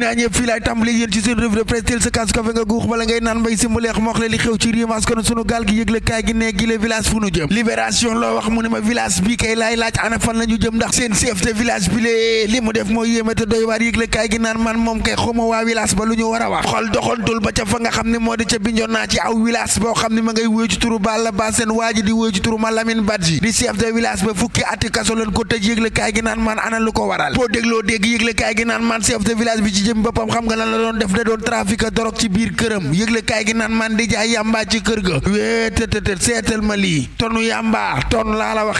naa ñëpp fii laay tàmbali yéen la li mu laay la ñu jëm ndax seen chef de li mu def moo yéeme te doy waar yëgle kaay gi naan man moom kay xawma waa village ba lu ñu war a wax xol doxantul ba ca fa nga xam ne moo di ca bindoon naa ci aw village boo xam ne ma ngay wéy ci turu Balla Ba seen waa ji di wéy ci turu ma Lamine di chef de village ba fukki ati kaso ko tëj yëgle kaay gi naan man ana lu ko waral boo dégloo dégg yëgle kaay gi naan man chef de village bi ci jëm boppam xam nga lan la doon def da doon trafic dorog ci biir këram yëgle kaay gi naan man di jaay yàmbaa ci kër ga wée tëtëtët seetal ma lii tonu yàmbaa ton laa la wax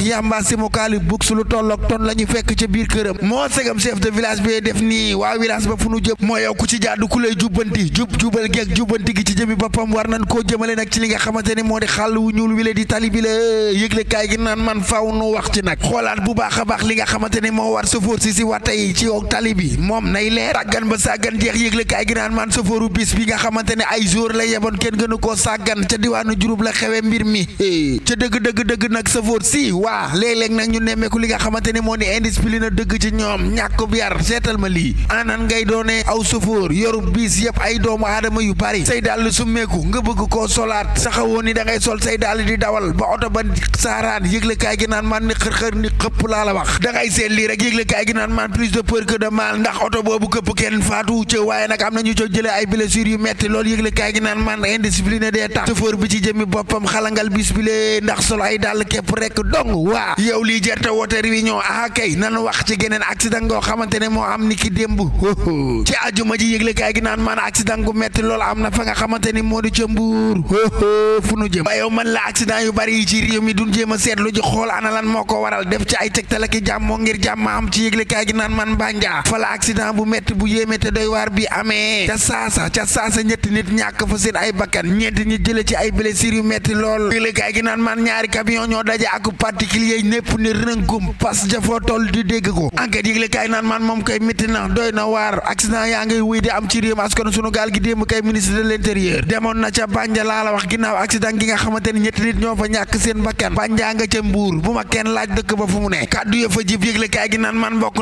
la ñu fekk ca biir këram moo segam de village def nii waa village ba fu nu jëm moo yow ku ci jaadu ku lay jubbanti jub jubal geeg jubbanti gi ci jëmi boppam war nañ koo jëmale nag ci li nga xamante ni moo di xàll wu ñuul wi la di tali bi la yëgle gi naan man faaw nu wax ci nag xoolaat bu baax a baax li nga xamante ni moo war sofóor si si wàtte yi ci tali bi moom nay leer tàggan ba sàggan jeex yëgle kaay gi naan man sofooru bis bi nga xamante ay jour la yeboon kenn gënu koo sàggan ca diwaanu jurub la xewe mbir mi ca dëgg dëgg dëgg nag safoor si waa léeg-léeg nag ñu nemmeeku li nga xamante ne moo ni indiscipline dëgg ci ñoom ñàkkub yar seetal ma lii anan ngay doone aw safoor yorub bis yëpp ay doomu aadama yu bari say dàll summeeku nga bëgg koo solaat saxawoo ni da ngay sol say dàll di dawal ba oto ba saaraan yëgle kaay gi naan man ni xër-xër ni xëpp da ngay seet lii rek yëgle kaay ñeneen faatu ca waaye nag am nañu co jëlee ay blessures yu metti loolu yëgle kaay gi naan man indiscipliné dee tax chauffeur bi ci jëmi boppam xalangal bis ndax solo ay dàll képp rek dong waa yow lii jerte woote réunion ah kay nan wax ci geneen accident goo xamante ne moo am ni ki démb ci àjjuma ji yëgle kaay gi naan man accident gu metti loolu am na fa nga xamante ni moo di ca mbuur fu nu jëm ba yow man la accident yu bari yi ci réew mi duñ jéem a seetlu ji xool ana lan moo ko waral def ci ay tegtal ak jàmmoo ngir jàmm ci yëgle gi naan man mbànjaa fa la bu metti bu yéeme métti doy waar bi amee ca saasa ca saasa ñetti nit ñàkk fa seen ay bakkan ñeenti ñi jële ci ay blessures yu metti lool yëgle kaay gi naan man moom koy métti na doy na waar accident yaa ngay wuy di am ci réew askan sunu gaal gi démb kay ministre de l'intérieur demoon na ca Banja laa la wax ginnaaw accident gi nga xamante ñetti nit ñoo fa ñàkk seen bakkan Banja nga ca Mbuur bu ma kenn laaj dëkk ba fu mu ne kàddu fa jib yëgle kaay gi naan man bokk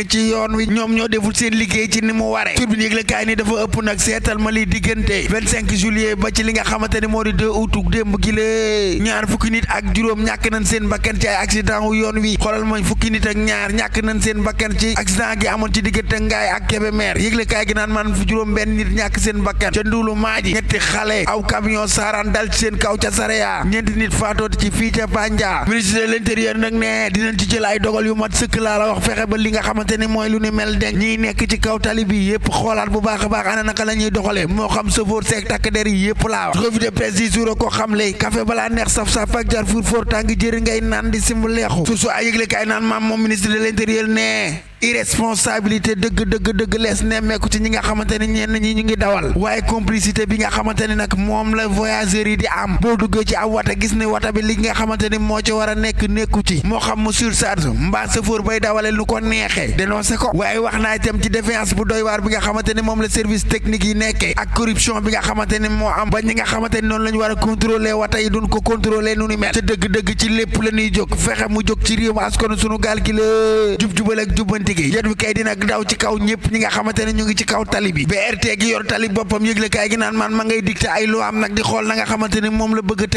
nekk ci yoon wi ñoom ñoo deful seen liggéey ci ni mu waree tur bi yëglekaay dafa ëpp nag seetal ma li diggante 25 juillet ba ci li nga xamante ni moo di 2 août démb gi ñaar fukki nit ak juróom ñàkk nañ seen bakkan ci ay accident wu yoon wi xoolal ma fukki nit ak ñaar ñàkk nañ seen bakkan ci accident gi amoon ci diggante Ngaay ak Kébémer yëglekaay gi naan man fu juróom benn nit ñàkk seen bakkan ca Ndulu Maaji ñetti xale aw camion saaraan dal ci seen kaw ca Sareya ñeenti nit faatooti ci fii ca Bandia ministre de xamante ni mooy lu ni mel denc ñiy nekk ci kaw tali bi yëpp xoolaat bu baax a baax ana naka la ñuy doxalee moo xam sëfoor seeg takk der yi yëpp laa wax revue de presse di jour ko xam lay café balaa neex saf-saf ak jar fuur foor tàng jëri ngay naan di simb leexu su su ay yëgle kaay naan maam moom ministre de l'intérieur nee irresponsabilité dëgg dëgg dëgg lees meeku ci ñi nga xamante ni ñenn ñi ñu ngi dawal waaye complicité bi nga xamante ni nag moom la voyageurs yi di am boo duggee ci ab wata gis ne wata bi li nga xamante ni moo ci war a nekk nekku ci moo xam mu surcharge mbaa sëfoor bay dawale lu ko neexee dénoncé ko waaye wax naa itam ci défiance bu doy waar bi nga xamante ni moom la service technique yi nekkee ak corruption bi nga xamante ni moo am ba ñi nga xamante ni noonu la ñu war a contrôler wata yi duñ ko contrôler nu ni mel te dëgg-dëgg ci lépp la ñuy jóg fexe mu jóg ci réew askanu sunu gaal gi la jub jubal ak jubanti diggéey jet bi kay dina daw ci kaw ñëpp ñi nga xamante ne ñu ngi ci kaw tali bi BRT gi ma ngay dicté ay loo am nag di xool na nga xamante ne moom la bëgg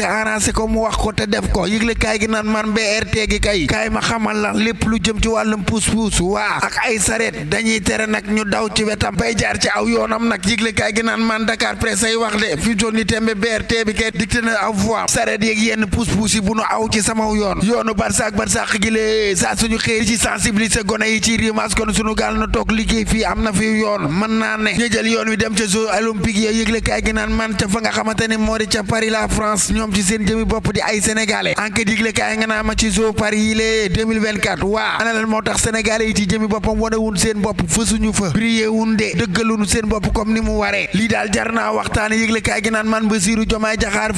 lépp lu jëm ci wàllum puus-puus waa ak ay sareet dañuy tere nag ñu daw ci wetam bay ci aw yoonam nag yëgle kaay gi naan man Dakar Presse ay wax de fi jonni tembe BRT bi kay dicté na aw voie sareet yeeg yenn puus-puus yi bu nu aw ci sama yoon yoonu barsaak barsaak gi lee saa suñu xëy ci sensibiliser gone yi ci dimanche kon sunu gaal na toog liggéey fii am na fi yoon mën naa ne ñu yoon wi dem ca jeux olympiques ya yëgle kaay gi naan man ca fa nga xamante moo di ca Paris la France ñoom ci seen jëmi bopp di ay sénégalais enquête yëgle kaay nga naa ma ci jeux Paris yi lee 2024 waa ana lan moo tax sénégalais yi ci jëmi boppam wanewun seen bopp fësuñu fa brillé wun de dëggalunu seen bopp comme ni mu waree lii daal jar waxtaan yëgle kaay gi naan man Bassirou Diomaye Diakhar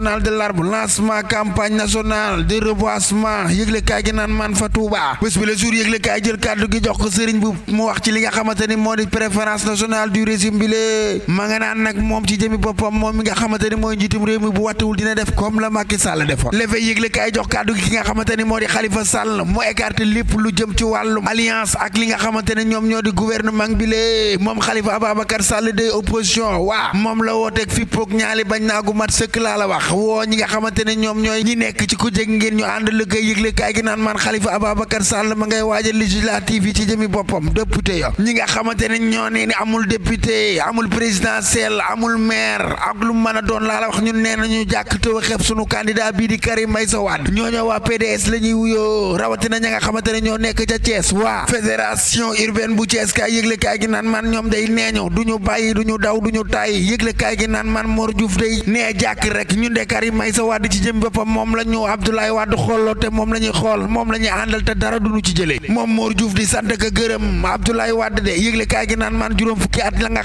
nationale de l'arbre lancement campagne nationale de reboisement yëgle kaay gi naan man fa Touba bés bi kàddu gi nga xamante moo di préférence nationale du régime bi lée ma nga naan moom ci jëmi boppam moom mi nga xamante ni mooy njiitum réew de bu wattuwul dina def comme la Macky Sall defoon lefe yëgle kaay jox kàddu gi ki nga xamante ni moo di Khalifa Sall mu écarté lépp lu jëm ci wàllum alliance ak li nga xamante ne ñoom ñoo di gouvernement bi lée moom Khalifa Ababacar Sall de opposition waa moom la wooteeg fi poog ñaali bañ naa gu mat sëkk laa la wax sax woo ñi nga xamante ne ñoom ñooy ñi nekk ci ku jég ngeen ñu ànd la koy yëgle kaay gi naan man Khalifa Ababacar Sall ma ngay waajal législative yi ci jëmi boppam député yo ñi nga xamante ne ñoo ne ni amul député amul présidentiel amul maire ak lu mën a doon la wax ñun nee nañu jàkk tëw xeeb sunu candidat bii di Karim Meïssa Wade ñooñoo waa PDS la ñuy wuyoo rawatina ña nga xamante ne ñoo nekk ca Thiès waa fédération urbaine bu Thiès kaay yëgle kaay gi naan man ñoom day neeñu du ñu bàyyi du ñu daw du ñu tàyyi yëgle kaay gi naan man Mor Diouf day nee jàkk rek ñun dee Karim Meïssa Wade ci jëm boppam moom la ñu Abdoulaye Wade xooloo te moom la ñuy xool moom la ñuy àndal te dara duñu ci jëlee moom Mor Diouf di sant ak gërëm Abdoulaye Wade de yëgle kaay gi naan man juróom fukki at la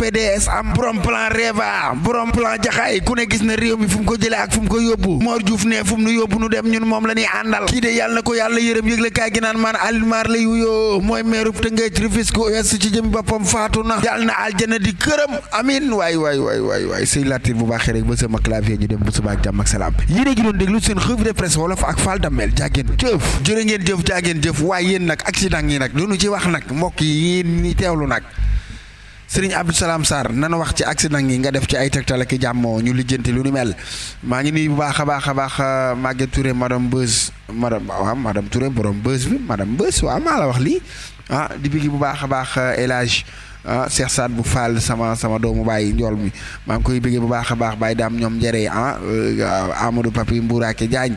PDS am borom plan Reva borom plan Jaxaay ku ne gis na réew mi ko jëlee ak fu ko yóbbu Mor Diouf ne fu nu yóbbu nu dem ñun moom la ñuy àndal kii de yàlla na ko yàlla yërëm yëgle kaay gi naan man Alimar la yuyoo mooy meerub Tëngéej Rufisque Ouest ci jëm boppam faatu na yàlla na aljana di kërëm amin waay waay waay waay waay bu baaxee rek ba sama clavier ñu dem bu subaa ak jàmm ak salaam yéen a ngi doon déglu seen revue de presse wolof ak Fall Damel jaageen jëf jërë ngeen jëf jaageen jëf waaye yéen nag accident yi nag doonu ci wax nag mbokk yi yéen ñi teewlu nag sëriñ Abdou Salam Sarr nana wax ci accident yi nga def ci ay tegtal ak jàmmoo ñu lijjanti lu nu mel maa ngi nuyu bu baax a baax a baax euh, Maguette Touré madame bës madame waaw madame Touré borom Beuz bi madame Beuz waaw maa la wax lii ah di bëgg bu baax a baax euh, El ah Cheikh Saad bu Fall sama sama doomu baay njool mi maa ngi koy bëggee bu baax a baax baay daam ñoom jëree ah, ah Amadou Papi Mbouraake Diagne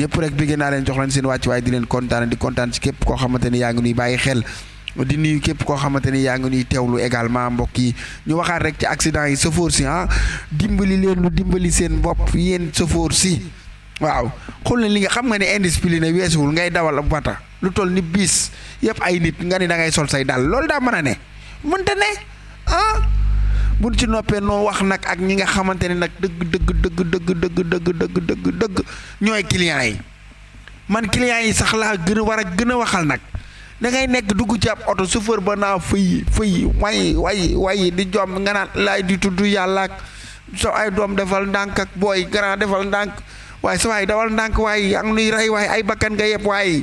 ñëpp rek bëggee naa leen jox leen seen wàcc waaye di leen kontaan di kontaan ci képp koo xamante ni yaa ngi nuy bàyyi xel. di nuyu képp koo xamante ni yaa ngi nuy teew teewlu également mbokk yi ñu waxaat rek ci accident yi sëfoor si ah dimbali leen lu dimbali seen bopp yéen sëfoor si waaw xool na li nga xam nga ne indiscipliné weesuwul ngay dawal ab wata lu toll ni biis yëpp ay nit nga ni da ngay sol say dàll loolu daa mën a ne. mënta ne ah buñ ci noppee noo wax nag ak ñi nga xamante ne nag dëgg dëgg dëgg dëgg dëgg dëgg dëgg dëgg ñooy clients yi man clients yi sax laa gën a war a gën a waxal nag dangay nekk dugg ci ab oto chauffeur ba naa fëy fëy way way way di jom nga naan laay di tudd yàlla ak so ay doom defal ndànk ak booy grand defal ndànk waaye sa waay dawal ndànk waaye ak nuy rey waaye ay bakkan nga yëpp waaye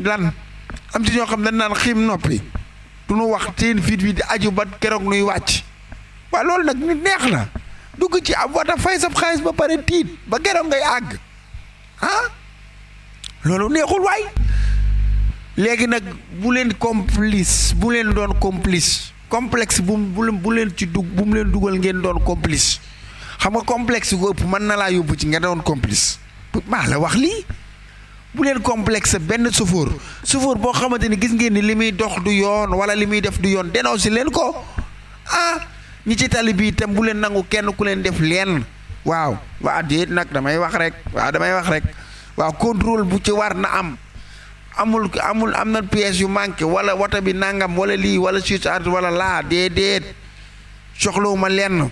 lan am si ñoo xam ne naan xiim noppi du nu wax seen fit wi di aju ba keroog nuy wàcc waaw loolu nag nit neex na dugg ci ab wata fay sab xaalis ba pare tiit ba keroog ngay àgg ah loolu neexul waay léegi nag bu leen complice bu leen doon complice complexe bu bu leen ci dugg bu mu leen dugal ngeen doon complice xam nga complexe gu ëpp mën na laa yóbbu ci nga doon complice maa la wax lii bu leen complexe benn chauffeur chauffeur boo xamante ni gis ngeen ni li muy dox du yoon wala li muy def du yoon dénoncé leen ko ah ñi ci tali bi itam bu leen nangu kenn ku leen def leen waaw waa déet nag damay wax rek waa damay wax rek waaw contrôle bu ci war na am amul amul am na pièces yu manqué wala wata bi nangam wala lii wala surcharge wala laa déedéet soxlawuma lenn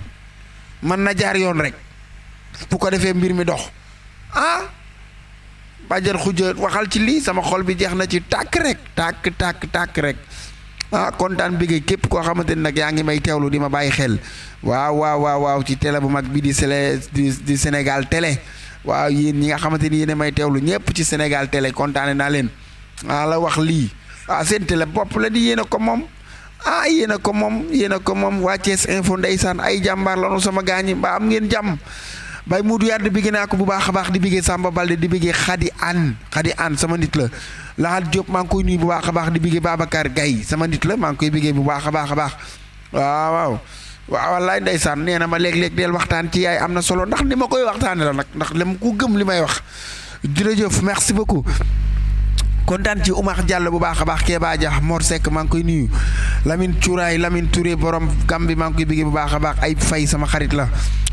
mën na jaar yoon rek bu ko defee mbir mi dox ah, Bàjjan Xuja waxal ci lii sama xol bi jeex na ci tàkk rek tàkk tàkk tàkk rek ah kontaan bëgg képp koo xamante ni nag yaa ngi may teewlu di ma bàyyi xel waaw waaw waaw ci télé bu mag bi di Sélé di di Sénégal télé waaw yéen ñi nga xamante ni yéen may teewlu ñëpp ci Sénégal télé kontaane naa leen ah la wax lii ah seen télé bopp la di yéen a ko moom ah yéen a ko moom yéen a ko moom waa Thiès info ndeysaan ay jàmbaar lanu sama gaañi ba am ngeen jàmm. Baye mu Yar di bëggee naa bu baax a baax di bëggee Samba Balde di bëggee Khady Anne Khady Anne sama nit la Lahat Diop maa koy nuyu bu baax a baax di bëggee Babacar Gaye sama nit la man koy bëggee bu baax a a baax waaw waaw. nee na ma léeg-léeg waxtaan ci yaay am na solo ndax ni ma koy waxtaane la nag ndax dama ko gëm li may wax jërëjëf merci beaucoup kontaan ci Oumar Diallo bu baax a baax Kéba Dia Mor Seck maa ngi koy nuyu Lamine Cuuraay Lamine Touré borom Gambi maa ngi bu baax a baax ay fay sama xarit la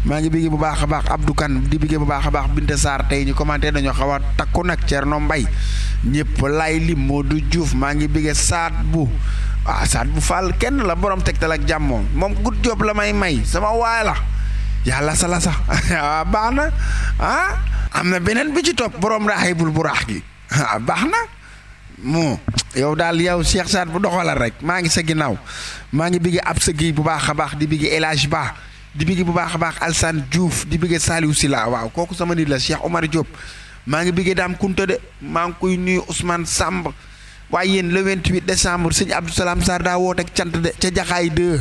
maa ngi bëggee bu baax a baax Abdou Kane di bëggee bu baax a baax Binta saar tey ñu commenté dañoo xaw a takku nag Thierno Mbaye ñëpp lay li du Diouf maa ngi bëggee saat bu ah saat bu Fall kenn la borom tegtal ak jàmmoom moom gut job la may may sama waay la yàlla sa la sax ah baax na ah am na beneen bi ci topp borom raaxibul bu raax gi ah baax na moo yow daal yow Cheikh Saat bu doxalal rek maa ngi sa ginnaaw maa ngi bëggee ab sa gi bu baax a baax di bëggee élage ba di bëgg bu baax a baax alsaan Diouf di bëgg Saliou Sila waaw kooku sama nit la Cheikh Omar Diop maa ngi biggee Dame Kunta de maa ngi koy nuyu Ousmane Samb waaye yéen le 28 décembre sëñ Abdou Salam Sarr daa woote ak cant de ca Jaxaay 2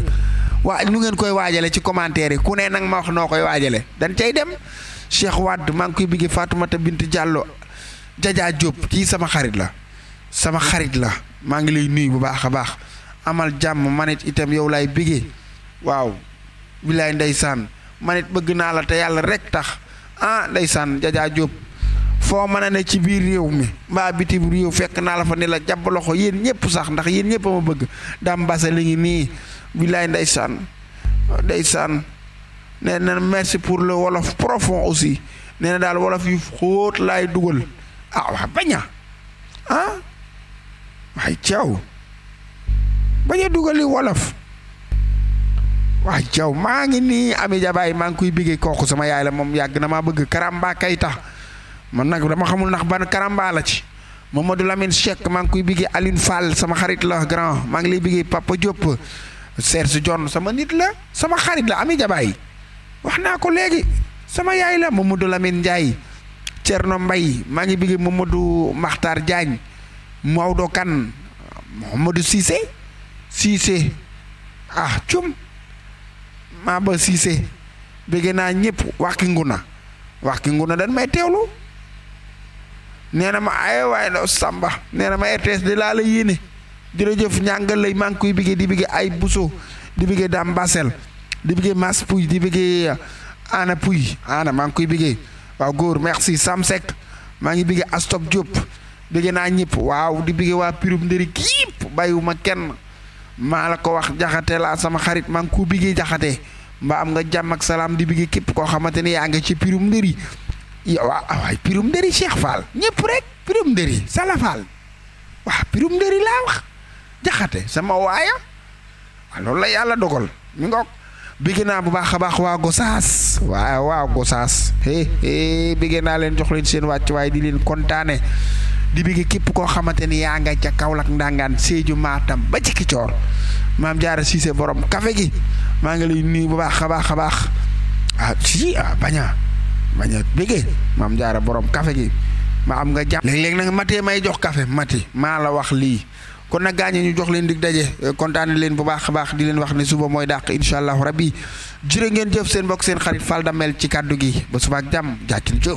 waa nu ngeen koy waajale ci commentaire yi ku nee nag ma wax noo koy waajale dañ cay dem Cheikh Wade maa ngi koy bëggee Fatoumata Bint Diallo jajaa jóob kii sama xarit la sama xarit la maa ngi lay nuyu bu baax a baax amal jàmm man it itam yow laay bëggee wilaay ndeysaan man it bëgg naa la te yàlla rek tax ah ndeysaan jajaa jóob foo mën ne ci biir réew mi mbaa bitim réew fekk naa la fa ni la jàpp loxo yéen ñëpp sax ndax yéen ñëpp ma bëgg daam base li ngi nii wilaay ndeysaan ndeysaan ne na merci pour le wolof profond aussi nee na daal wolof yu xóot laay dugal ah wax baña ah waay caaw bañ dugali wolof waaw jaw maa ngi nii Ami Jabaay maa ngi koy biggee kooku sama yaay la moom yàgg na maa bëgg Karamba Kayta man nag dama xamul ndax ba ban Karamba la ci ma Lamine Cheikh maa ngi koy biggee Aline Fall sama xarit la grand maa ngi lay biggee Papa Diop Serge John sama nit la sama xarit la Ami Jabaay wax naa ko léegi yaay la Mamadou Lamine Ndiaye Thierno Mbaye maa ngi biggee Mamadou Makhtar Diagne Maodo Kane Mamadou Cissé Cissé ah cum Maba Cissé bëgg naa ñëpp wax ki nguna wax ki nguna dañ may teewlu nee na ma ay waay ndaw Samba nee na ma RTS di laa la yéene jërëjëf ñàngal lay maa ngi koy bëggee di bëggee ay Bousso di bëggee Dame Basel di bëggee Mas Pouy di bëggee uh, Ana Pouy Ana maa ngi koy bëggee waaw góor merci Sam Seck maa ngi bëggee astok Diop bëggee naa ñëpp waaw di bëggee waa pirum ndëri kiip bàyyiwuma kenn maa la ko wax jaxate laa sama xarit maa ngi ko bëggee jaxate mbaa am nga jàmm ak salaam di bigg képp koo xamante ne yaa nga ci pirum ndëri waa ah, ah, waay pirum ndëri Cheikh Fall ñëpp rek pirum la yàlla dogal mi naa bu baax a baax waa Gosaas waa waa Gosaas hé hé naa leen jox leen seen wàcc waaye leen kontaane di képp koo xamante ni yaa nga ca Kaolack ndangaan Sédhiou Matam ba ci Kicoor maam jaara Cissé borom kafe gi maa ngi lay nuyu bu baax a baax a baax ah si ah baña baña bégee maam jaara borom kafe gi ma am nga jàmm léeg-léeg nag matee may jox kafe mati maa la wax lii kon nag gaañe ñu jox leen dig daje eh, kontaane leen bu baax a baax di leen wax ne suba mooy dàq incha allahu rabbi jërë ngeen jëf seen mbokk seen xarit Fall Damel ci kàddu gi ba suba ak jàmm jaajëf jëf